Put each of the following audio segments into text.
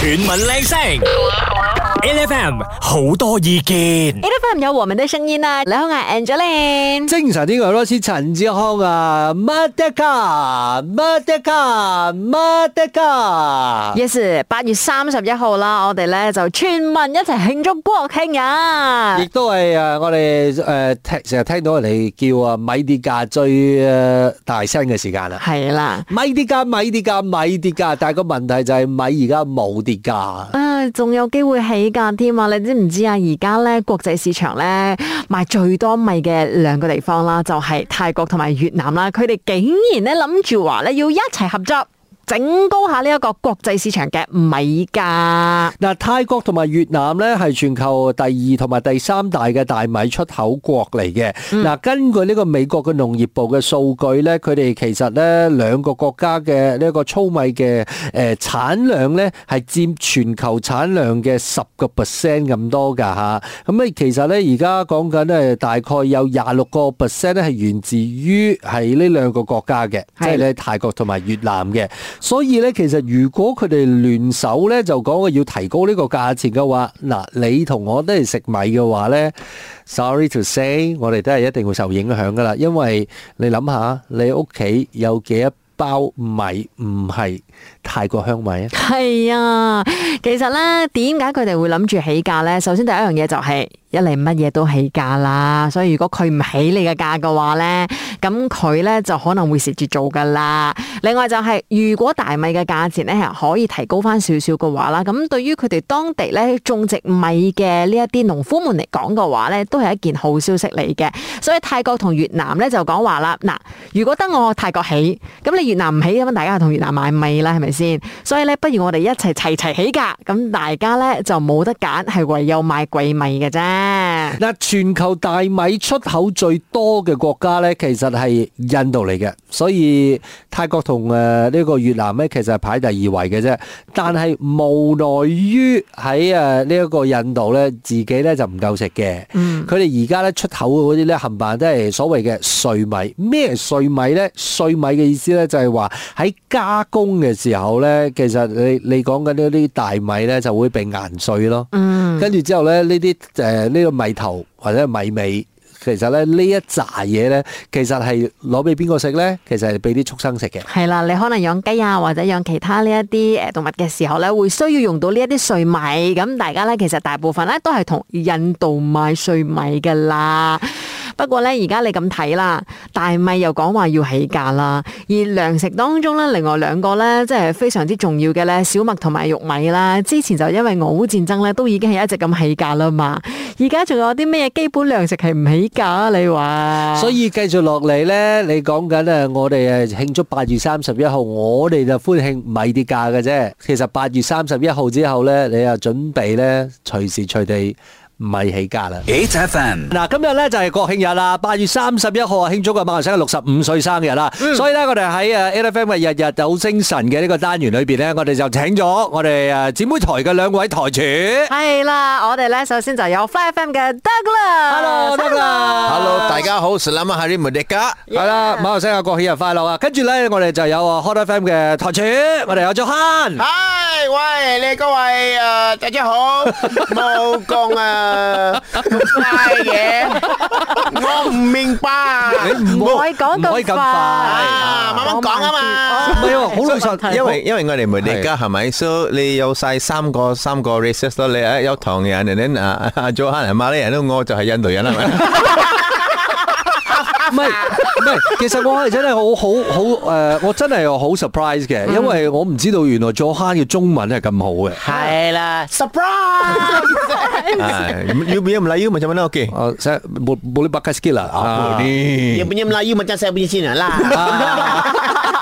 全民靚聲，FM 好多意見，FM 有我們的聲音啊！你好啊，Angeline，正常啲嘅律師陳志康啊，乜的家，乜的家，乜的家，yes，八月三十一號啦，我哋咧就全民一齊慶祝國慶啊！亦都係啊，我哋誒聽成日聽到人哋叫啊，米跌價最大聲嘅時間啦，係啦，米跌價，米跌價，米跌價，但係個問題就係米而家冇，跌價啊！仲有機會起價添啊！你知唔知啊？而家咧國際市場咧賣最多米嘅兩個地方啦，就係泰國同埋越南啦。佢哋竟然咧諗住話咧要一齊合作。整高下呢一個國際市場嘅米價。嗱，泰國同埋越南咧係全球第二同埋第三大嘅大米出口國嚟嘅。嗱，嗯、根據呢個美國嘅農業部嘅數據咧，佢哋其實咧兩個國家嘅呢一個粗米嘅誒產量咧係佔全球產量嘅十個 percent 咁多噶吓。咁其實咧而家講緊咧，大概有廿六個 percent 咧係源自於係呢兩個國家嘅，是 即係咧泰國同埋越南嘅。所以咧，其實如果佢哋聯手咧，就講嘅要提高呢個價錢嘅話，嗱，你同我都係食米嘅話咧，sorry to say，我哋都係一定會受影響噶啦。因為你諗下，你屋企有幾一包米唔係泰國香米啊？係啊，其實咧，點解佢哋會諗住起價咧？首先第一樣嘢就係，一嚟乜嘢都起價啦，所以如果佢唔起你嘅價嘅話咧。咁佢咧就可能會蝕住做噶啦。另外就係、是、如果大米嘅價錢咧係可以提高翻少少嘅話啦，咁對於佢哋當地咧種植米嘅呢一啲農夫們嚟講嘅話咧，都係一件好消息嚟嘅。所以泰國同越南咧就講話啦，嗱，如果得我泰國起，咁你越南唔起，咁大家同越南買米啦，係咪先？所以咧，不如我哋一齊齊齊起價。咁大家咧就冇得揀，係唯有買貴米嘅啫。嗱，全球大米出口最多嘅國家咧，其實係印度嚟嘅，所以泰國同誒呢個越南咧，其實排第二位嘅啫。但係無奈於喺誒呢一個印度咧，自己咧就唔夠食嘅。嗯，佢哋而家咧出口嗰啲咧，冚唪唥都係所謂嘅碎米。咩碎米咧？碎米嘅意思咧，就係話喺加工嘅時候咧，其實你你講緊呢啲大米咧，就會被研碎咯。嗯，跟住之後咧，呢啲誒呢個米頭或者米尾。其實咧，呢一紮嘢咧，其實係攞俾邊個食咧？其實係俾啲畜生食嘅。係啦，你可能養雞啊，或者養其他呢一啲誒動物嘅時候咧，會需要用到呢一啲碎米。咁大家咧，其實大部分咧都係同印度買碎米噶啦。不過呢，而家你咁睇啦，大米又講話要起價啦，而糧食當中呢，另外兩個呢，即係非常之重要嘅呢，小麥同埋玉米啦，之前就因為俄烏戰爭呢都已經係一直咁起價啦嘛。而家仲有啲咩基本糧食係唔起價？你話？所以繼續落嚟呢，你講緊呢，我哋誒慶祝八月三十一號，我哋就歡慶米跌價嘅啫。其實八月三十一號之後呢，你啊準備呢，隨時隨地。唔係起價啦。Eight FM 嗱，今日咧就係國慶日啦，八月三十一號啊，慶祝個馬來西亞六十五歲生日啦。所以咧，我哋喺誒 Eight FM 嘅日日有精神嘅呢個單元裏邊咧，我哋就請咗我哋誒姊妹台嘅兩位台柱。係啦，我哋咧首先就有 Eight FM 嘅 Douglas。Hello，Douglas。Hello，大家好，Selamat Hari Merdeka。係啦，馬來西亞國慶日快樂啊！跟住咧，我哋就有 Hot FM 嘅台柱，我哋有 Johan。Hi，喂，你各位誒，大家好，無講啊～誒，唔該嘅，我唔明白，唔可以講到咁快，慢慢講啊嘛。唔係喎，好老實，因為因為我哋梅地加係咪？所以你有晒三個三個 research 咯，你啊有唐人、等等啊做下係嘛，啲人都我就係印度人係咪？唔係唔係，其實我係真係好好好誒，我真係好 surprise 嘅，因為我唔知道原來左坑嘅中文係咁好嘅。係啦，surprise！要唔要 Malayu？乜嘢乜嘢 OK？識唔識啲 pakai skill 啊？啊，呢要唔要 Malayu？乜嘢西賓先人啦？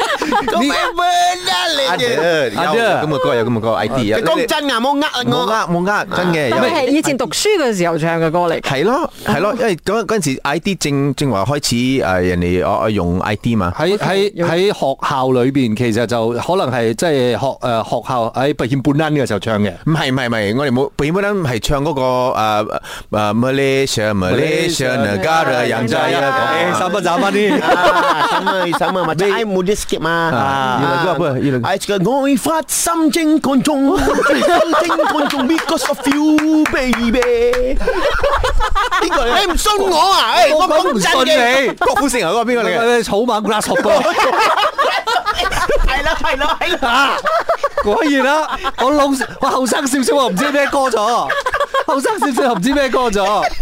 呢個邊得嚟？阿德，阿德，咁嘅歌有咁嘅歌 ID 啊！講真啊，冇呃我，冇呃，冇呃真嘅。咪係以前讀書嘅時候唱嘅歌嚟。係咯，係咯，因為嗰嗰陣時 ID 正正話開始誒人哋我我用 ID 嘛。喺喺喺學校裏邊，其實就可能係即係學誒學校喺畢業半呢個時候唱嘅。唔係，唔係，唔係。我哋冇畢業半拉係唱個誒誒誒 Malaysia Malaysia Negara Yang Jaya。三三呢？三三嘛，依個係咩？依個愛發深情款種，深情款種，because of you，baby。邊個？你唔信我啊？我講唔信你。郭富城嗰個邊個嚟嘅？草蜢 Grasshopper。係咯係咯，果然啦！我老我後生少少，我唔知咩歌咗。後生少少，唔知咩歌咗。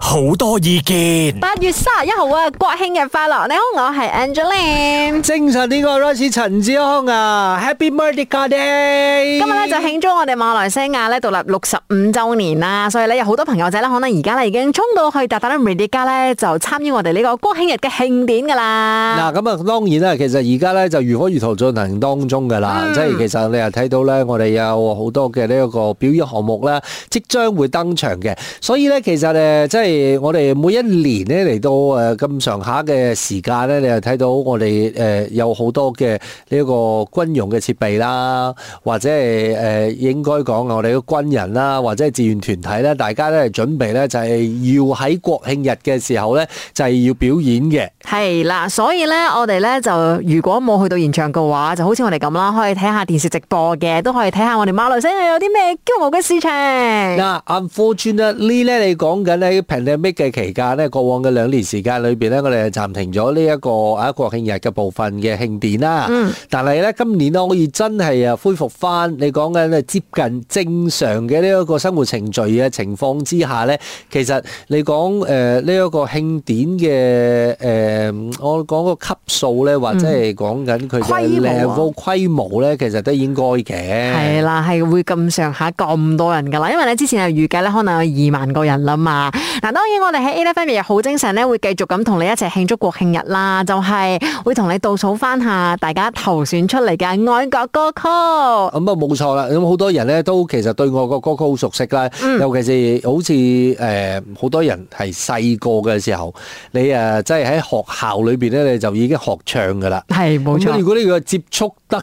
好多意見。八月三十一號啊，國慶日快樂！你好，我係 Angeline。精神呢個 Rice 陳志康啊，Happy Merdeka Day。今日咧就慶祝我哋馬來西亞咧獨立六十五周年啦，所以咧有好多朋友仔咧可能而家咧已經衝到去 DataranMerdeka 咧就參與我哋呢個國慶日嘅慶典噶啦。嗱咁啊，當然啦，其實而家咧就如火如荼進行當中噶啦，即係其實你又睇到咧，我哋有好多嘅呢一個表演項目咧，即將會登場嘅，所以咧其實。呃、即係我哋每一年嚟到，誒咁上下嘅時間，你又睇到我哋誒、呃、有好多嘅呢個軍用嘅設備啦，或者係誒、呃、應該講我哋嘅軍人啦，或者係志願團體咧，大家咧準備就係要喺國慶日嘅時候呢，就係、是、要表演嘅。係啦，所以呢，我哋呢，就如果冇去到現場嘅話，就好似我哋咁啦，可以睇下電視直播嘅，都可以睇下我哋馬來西亞有啲咩驕傲嘅事情。嗱，unfortunately 咧講。喺疫情期間咧，過往嘅兩年時間裏邊咧，我哋係暫停咗呢一個啊國慶日嘅部分嘅慶典啦。嗯。但係咧今年咧可以真係啊恢復返，你講緊咧接近正常嘅呢一個生活程序嘅情況之下咧，其實你講誒呢一個慶典嘅誒，我講個級數咧，或者係講緊佢 level 規模咧，其實都應該嘅。係啦，係會咁上下咁多人噶啦，因為咧之前係預計咧可能有二萬個人啦。嘛嗱，當然我哋喺 Alike Family 又好精神咧，會繼續咁同你一齊慶祝國慶日啦，就係、是、會同你倒數翻下大家投選出嚟嘅愛國歌曲。咁啊冇錯啦，咁好多人咧都其實對愛國歌曲好熟悉啦，嗯、尤其是好似誒好多人係細個嘅時候，你誒即係喺學校裏邊咧你就已經學唱噶啦，係冇錯。錯，如果你個接觸得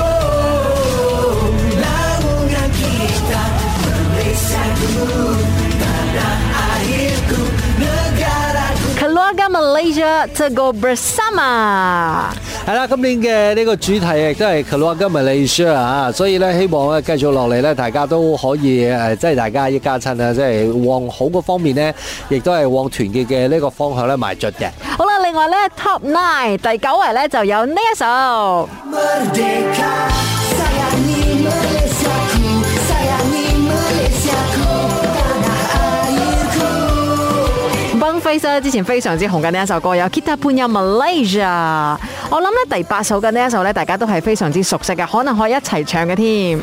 Malaysia to go bersama，係啦，今年嘅呢個主題亦都係佢話今日 Malaysia 啊，所以咧希望啊繼續落嚟咧，大家都可以誒，即係大家一家親啊，即係往好嘅方面咧，亦都係往團結嘅呢個方向咧邁進嘅。好啦，另外咧 Top Nine 第九位咧就有呢一首。非常之前非常之紅嘅呢一首歌有《Kita Punya Malaysia》，我諗咧第八首嘅呢一首咧，大家都係非常之熟悉嘅，可能可以一齊唱嘅添。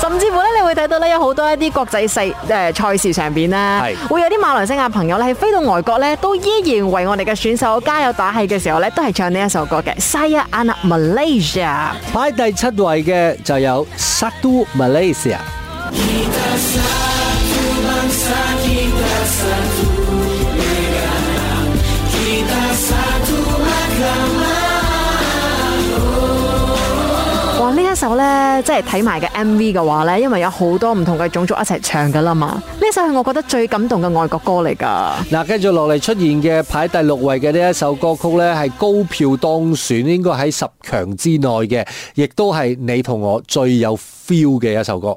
甚至乎咧。會睇到咧有好多一啲國際世賽事上面，咧是，會有啲馬來西亞朋友咧係飛到外國咧，都依然為我哋嘅選手加油打氣嘅時候咧，都係唱呢一首歌嘅。Saya Anak Malaysia 排第七位嘅就有 Satu Malaysia。 呢首咧，即係睇埋嘅 MV 嘅話咧，因為有好多唔同嘅種族一齊唱噶啦嘛。呢首係我覺得最感動嘅外國歌嚟噶。嗱，跟住落嚟出現嘅排第六位嘅呢一首歌曲咧，係高票當選，應該喺十強之內嘅，亦都係你同我最有 feel 嘅一首歌。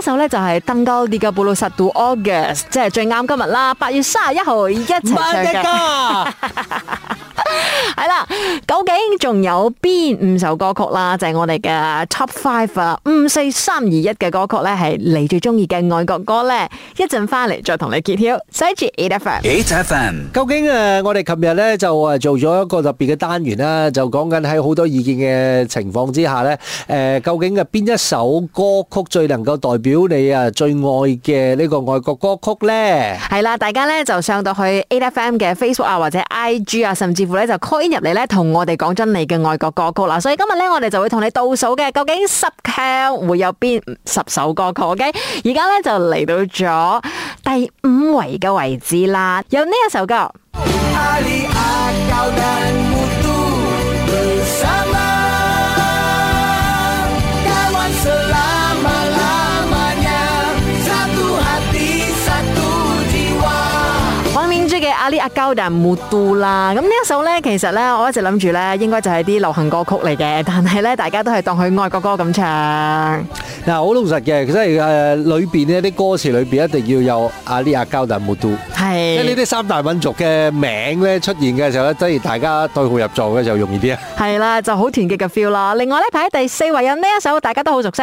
首咧就係登高啲嘅布魯薩杜 August，即係最啱今日啦，八月卅一號一齊唱歌係啦，究竟仲有邊五首歌曲啦？就係、是、我哋嘅 Top Five，啊五四三二一嘅歌曲咧，係你最中意嘅愛國歌咧？一陣翻嚟再同你揭曉。Search Eight Seven Eight Seven 究竟誒、呃、我哋琴日咧就誒做咗一個特別嘅單元啦，就講緊喺好多意見嘅情況之下咧，誒、呃，究竟嘅邊一首歌曲最能夠代表？表你啊，最愛嘅呢個外國歌曲呢？係啦，大家呢就上到去 A F M 嘅 Facebook 啊，或者 I G 啊，甚至乎呢就 coin 入嚟呢，同我哋講真你嘅外國歌曲啦。所以今日呢，我哋就會同你倒數嘅，究竟十 q 會有邊十首歌曲 OK，而家呢就嚟到咗第五位嘅位置啦，有呢一首歌。啊啲阿膠定係木都啦，咁呢一首咧，其實咧我一直諗住咧，應該就係啲流行歌曲嚟嘅，但係咧大家都係當佢外國歌咁唱。嗱，好老實嘅，其實誒裏邊咧啲歌詞裏邊一定要有阿啲阿膠定木都，係即係呢啲三大民族嘅名咧出現嘅時候咧，即係大家對號入座嘅時候容易啲啊。係啦，就好團結嘅 feel 啦。另外咧排喺第四位有呢一首，大家都好熟悉。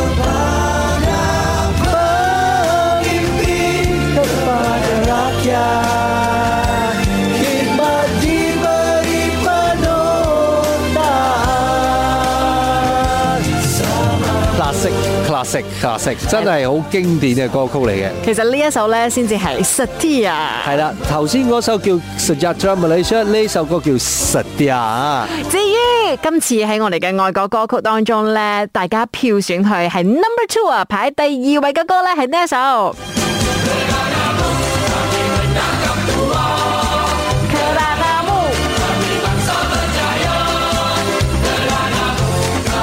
白色，白色，真係好經典嘅歌曲嚟嘅。其實呢一首咧，先至係《Sadia》。係啦，頭先嗰首叫《Satisfaction》，呢首歌叫《Sadia》。至於今次喺我哋嘅愛國歌曲當中咧，大家票選佢係 Number Two 啊，排第二位嘅歌咧係呢一首。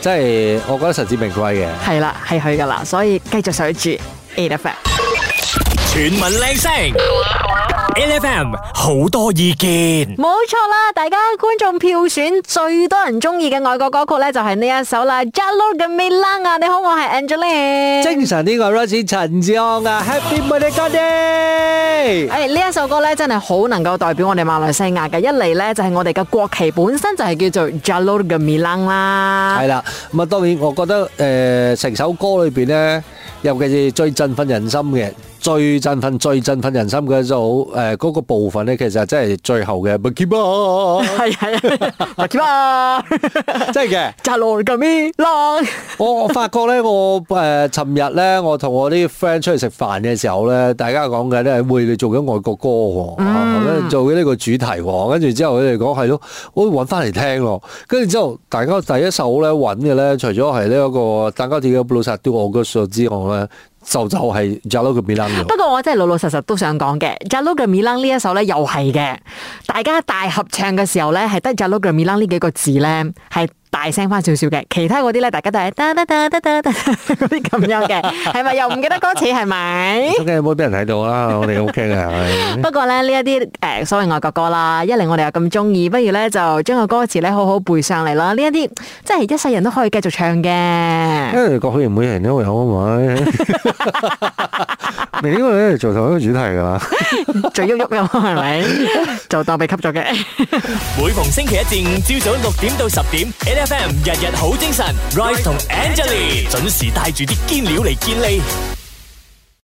即係，我覺得實至名歸嘅。係啦，係佢噶啦，所以繼續守住 eight effect，全民靚聲。L.F.M. 好多意見，冇錯啦！大家觀眾票選最多人中意嘅愛國歌曲咧，就係呢一首啦。Jalur Gemilang 啊，你好，我係 Angela。精神呢個 Rosie 陳志昂啊，Happy Monday！誒，呢、哎、一首歌咧真係好能夠代表我哋馬來西亞嘅，一嚟咧就係我哋嘅國旗本身就係、是、叫做 Jalur Gemilang 啦。係啦，咁啊，當然我覺得誒，成、呃、首歌裏邊咧，尤其是最振奮人心嘅。最振奮、最振奮人心嘅就誒、是、嗰、呃那個部分咧，其實真係最後嘅。係係，麥可，真係嘅。扎內格咪拉。我我發覺咧，我誒尋、呃、日咧，我同我啲 friend 出去食飯嘅時候咧，大家講嘅咧，會你做緊外國歌喎，嗯、做緊呢個主題喎，跟住之後佢哋講係咯，我揾翻嚟聽咯。跟住之後，大家第一首咧揾嘅咧，除咗係呢一個大家自己嘅布拉薩丟我個鎖、e》之外咧。就就係扎魯嘅米啷喎。G、不過我真係老老實實都想講嘅，扎魯嘅米啷呢一首咧，又係嘅。大家大合唱嘅時候咧，係得扎魯嘅米啷呢幾個字咧，係。大聲翻少少嘅，其他嗰啲咧，大家都係噠噠噠噠噠啲咁樣嘅，係咪又唔記得歌詞？係咪？咁嘅有冇俾人睇到啊？我哋嘅屋企咧， 不過咧呢一啲誒所謂外國歌啦，一嚟我哋又咁中意，不如咧就將個歌詞咧好好背上嚟咯。呢一啲即係一世人都可以繼續唱嘅，因為國語每人都有係咪？你呢個咧就同一個主題噶啦，最喐喐噶嘛係咪？就當被吸咗嘅。 每逢星期一至五，朝早六點到十點。F.M. 日日好精神，Royce 同 Angelie 準時帶住啲堅料嚟見你。